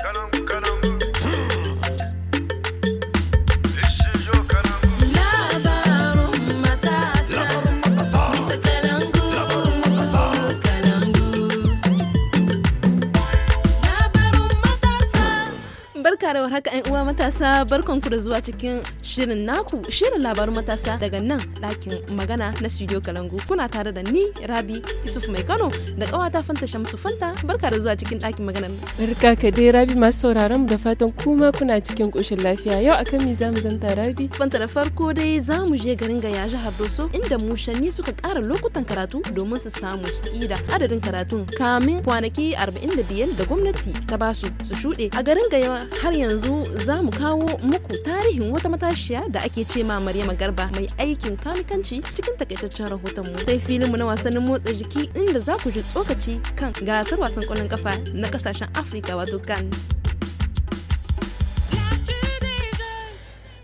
Caramba, caramba. karawar haka warhaka uwa matasa barkanku da zuwa cikin shirin naku shirin labarun matasa daga nan ɗakin magana na studio Kalangu kuna tare da ni Rabi Yusuf Mai Kano da ƙawata Fanta Shamsu Fanta barka da zuwa cikin ɗakin magana. Barka ka dai Rabi masu sauraron da fatan kuma kuna cikin ƙoshin lafiya yau akan za mu zanta Rabi. Fanta da farko dai za mu je garin Gaya jihar Doso inda mushanni suka kara lokutan karatu domin su samu su ida adadin karatun kamin kwanaki 45 da gwamnati ta basu su shuɗe a garin Gaya har yanzu za mu kawo muku tarihin wata matashiya da ake ce ma Maryama Garba mai aikin kanikanci cikin takaitaccen rahoton mu. Sai filin mu na wasannin motsa jiki inda za ku ji tsokaci kan gasar wasan kwallon kafa na kasashen Afirka wato Ghana.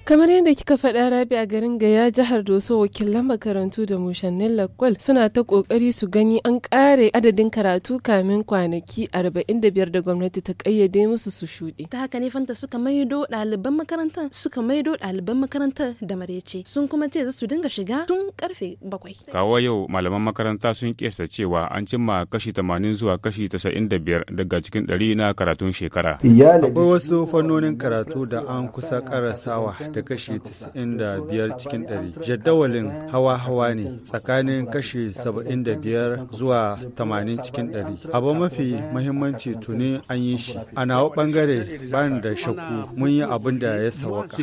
Kamar yadda kika faɗa rabi a garin Gaya jihar Doso wakilan makarantu da mushannin lakwal suna ta ƙoƙari su gani an ƙare adadin karatu kamin kwanaki 45 da gwamnati ta ƙayyade musu su shuɗe. Ta haka ne fanta suka maido ɗaliban makarantar suka maido ɗaliban makarantar da marece sun kuma ce za su dinga shiga tun karfe bakwai. Kawo yau malaman makaranta sun kesa cewa an cimma kashi 80 zuwa kashi 95 daga cikin 100 na karatun shekara. Akwai wasu fannonin karatu da an kusa karasawa da kashi 95 cikin 100 jadawalin hawa-hawa ne tsakanin kashi 75 zuwa 80 cikin 100 abu mafi mahimmanci tuni an yi shi a nawa bangare ban da shakku mun yi abin da ya sawaka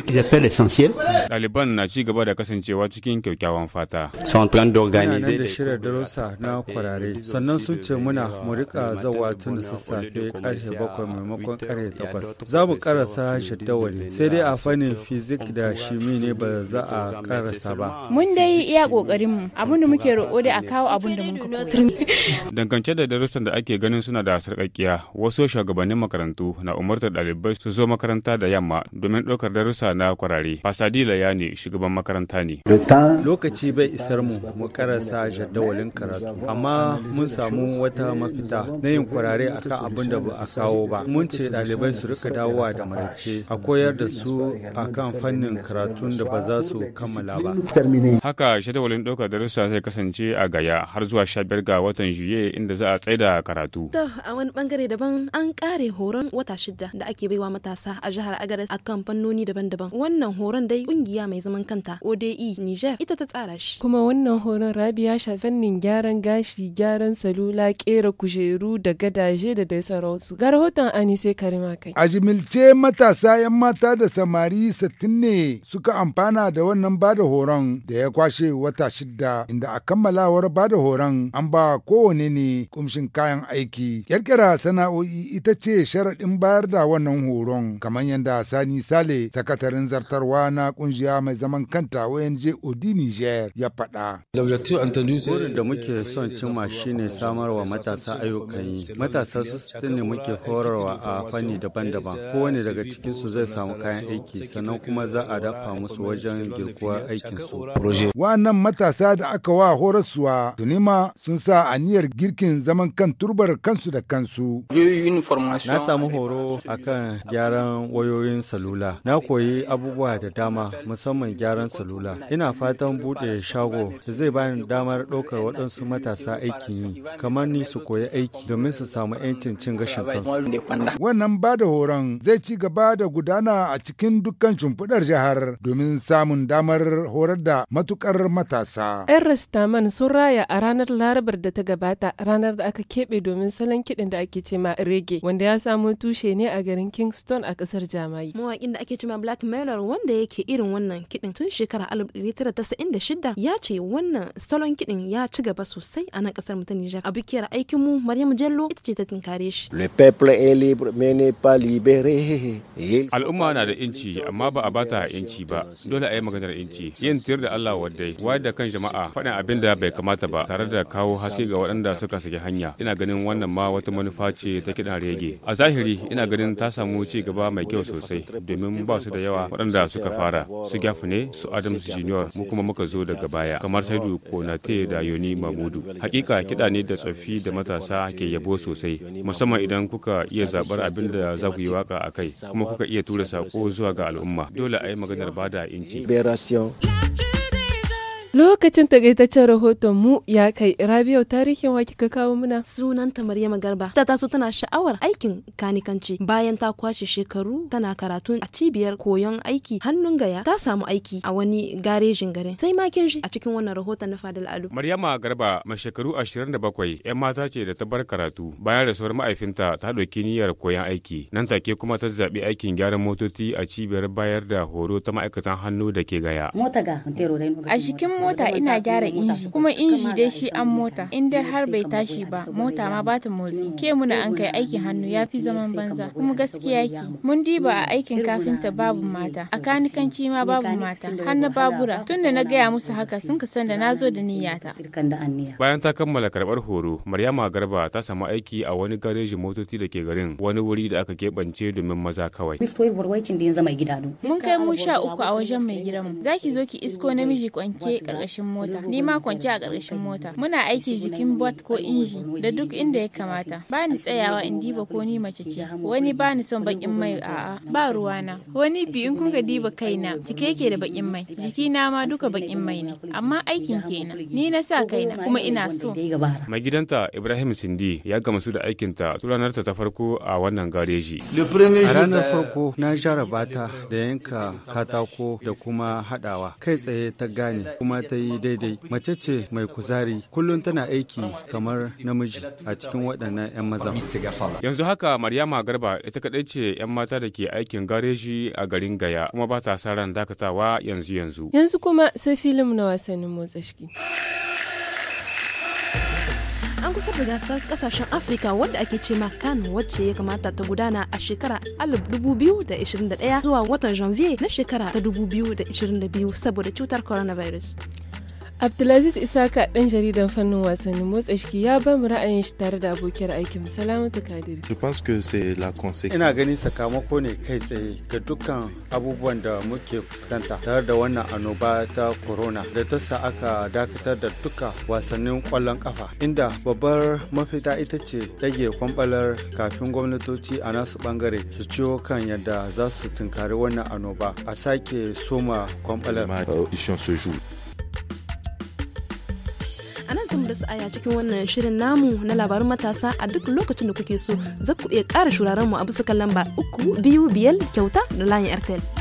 ɗaliban na ci gaba da kasancewa cikin kyakkyawan fata da darussa na kwarare sannan sun ce muna mu rika zawa tun da sassafe karfe bakwai maimakon karfe takwas za mu karasa jaddawali sai dai a fannin fizik aiki da shi ne ba za a karasa ba. Mun dai iya kokarin mu abin da muke roƙo da a kawo abin da muka Dangance da darussan da ake ganin suna da sarƙaƙiya wasu shugabannin makarantu na umartar ɗalibai su zo makaranta da yamma domin ɗaukar darussa na kwarare. Fasadi Layani shugaban makaranta ne. Lokaci bai isar mu mu karasa jadawalin karatu amma mun samu wata mafita na yin kwarare akan abin da ba a kawo ba. Mun ce ɗalibai su rika dawowa da marace a koyar da su akan fannin fannin karatun da ba za su kammala ba. Haka shadawalin ɗaukar darussa zai kasance a gaya har zuwa 15 ga watan Juye inda za a tsaida karatu. To a wani bangare daban an kare horon wata shida da ake baiwa matasa a jihar Agadez kan fannoni daban-daban. Wannan horon dai kungiya mai zaman kanta ODE Niger ita ta tsara shi. Kuma wannan horon Rabi ya fannin gyaran gashi, gyaran salula, kera kujeru da gadaje da dai sauransu. Ga rahoton Anise Karima kai. A jimilce matasa 'yan mata da samari 60 ne suka amfana da wannan bada horon da ya kwashe wata shidda inda a kammalawar bada horon an ba kowane ne kumshin kayan aiki. Kirkira sana'o'i ita ce sharaɗin bayar da wannan horon kamar yadda Sani Sale sakatarin zartarwa na kungiya mai zaman kanta je Odi Niger ya faɗa. Burin da muke son cimma shine samarwa matasa ayyukan yi. Matasa su ne muke horarwa a fanni daban-daban. Kowane daga cikinsu zai samu kayan aiki sannan kuma za a dafa musu wajen girkuwa aikinsu. Wa'annan matasa da aka wa horaswa tunima sun sa aniyar girkin zaman kan turbar kansu da kansu. Na samu horo akan gyaran wayoyin salula. Na koyi abubuwa da dama musamman gyaran salula. Ina fatan buɗe shago da zai bani damar ɗaukar waɗansu matasa aikin yi kamar ni su koyi aiki domin su samu 'yancin cin gashin kansu. Wannan ba da horon zai ci gaba da gudana a cikin dukkan shimfiɗar al'ummar jihar domin samun damar horar da matukar matasa. 'Yan Rastaman sun raya a ranar Larabar da ta gabata ranar da aka keɓe domin salon kiɗin da ake cema rege wanda ya samu tushe ne a garin Kingston a ƙasar Jamai. Mawaƙin da ake cema Black Mailer wanda yake irin wannan kiɗin tun shekarar 1996 ya ce wannan salon kiɗin ya ci gaba sosai a nan ƙasar mu ta Nijar. A bikiyar aikin mu Maryam Jallo ita ce ta tunkare shi. Le peuple est libre mais n'est pas libéré. Al'umma na da inci amma ba a bata ta inci ba dole a yi maganar inci yin tir da Allah wadai wayar da kan jama'a faɗin abin da bai kamata ba tare da kawo haske ga waɗanda suka saki hanya ina ganin wannan ma wata manufa ce ta kiɗan rege a zahiri ina ganin ta samu ci gaba mai kyau sosai domin ba su da yawa waɗanda suka fara su ne su Adams Junior mu kuma muka zo daga baya kamar Saidu Konate da Yoni Mamudu hakika kiɗa ne da tsofi da matasa ke yabo sosai musamman idan kuka iya zaɓar abin da za ku yi waka a kai kuma kuka iya tura sako zuwa ga al'umma dole dole a yi maganar bada inci. Lokacin takaitaccen rahoton mu ya kai Rabiu tarihin wa ka kawo muna. Sunanta Maryama Garba ta taso tana sha'awar aikin kanikanci bayan ta kwashe shekaru tana karatu a cibiyar koyon aiki hannun gaya ta samu aiki a wani garejin garin. Sai ma kin a cikin wannan rahoton na Fadil Alu. Maryama Garba mai shekaru 27 'yan mata ce da ta bar karatu bayan da sauran ma'aifinta ta dauki niyyar koyon aiki nan take kuma ta zabi aikin gyaran motoci a cibiyar bayar da horo ta ma'aikatan hannu da ke gaya. A cikin mota ina gyara inji kuma inji dai shi an mota in dai har bai tashi ba mota ma bata motsi ke muna an kai aikin hannu ya fi zaman banza kuma gaskiya ki mun diba a aikin kafinta babu mata a kanikanci ma babu mata har na babura tunda na gaya musu haka sun ka san da na zo da niyyata. bayan ta kammala karɓar horo maryama garba ta samu aiki a wani garejin motoci da ke garin wani wuri da aka keɓance domin maza kawai mun kai mu sha uku a wajen mai gidanmu zaki zo ki isko namiji kwanke ƙarƙashin mota ni ma kwance a ƙarƙashin mota muna aiki jikin bot ko inji da duk inda ya kamata ba ni tsayawa in diba ko ni mace ce wani ba ni son bakin mai a'a ba ruwana wani bi in kuka diba kaina cike yake da bakin mai jiki na ma duka bakin mai ne amma aikin kenan ni na sa kaina kuma ina so mai gidanta Ibrahim Sindi ya su da aikinta ta ranar ta farko a wannan gareji a ranar farko na jarabata da yanka katako da kuma hadawa kai tsaye ta gane kuma ta yi daidai mace ce mai kuzari kullum tana aiki kamar namiji a cikin waɗannan 'yan maza. Yanzu haka Maryama Garba ita kaɗai ce 'yan mata da ke aikin gareji a garin Gaya kuma ba ta sa ran dakatawa yanzu yanzu. Yanzu kuma sai filim na wasannin motsa shiki. an kusa da gasar kasashen afirka wadda ake ce ma kan wacce ya kamata ta gudana a shekara 2021 zuwa watan janvier na shekara ta 2022 saboda cutar coronavirus Abdulaziz Isaka ɗan jaridan fannin wasannin motsa jiki ya ba mu ra'ayin shi tare da abokiyar aikin Salamatu Kadiri. Je pense que c'est la conséquence. Ina ganin sakamako ne kai tsaye ga dukkan abubuwan da muke fuskanta tare da wannan annoba ta corona da ta sa aka dakatar da duka wasannin kwallon kafa inda babbar mafita ita ce rage kwambalar kafin gwamnatoci a nasu bangare su ciwo kan yadda za su tunkari wannan anoba a sake soma kwambalar. mu da aya cikin wannan shirin namu na labarin matasa a duk lokacin da kuke so za ku iya kara shuraren mu a bisa kan lamba uku biyu biyar kyauta da layin airtel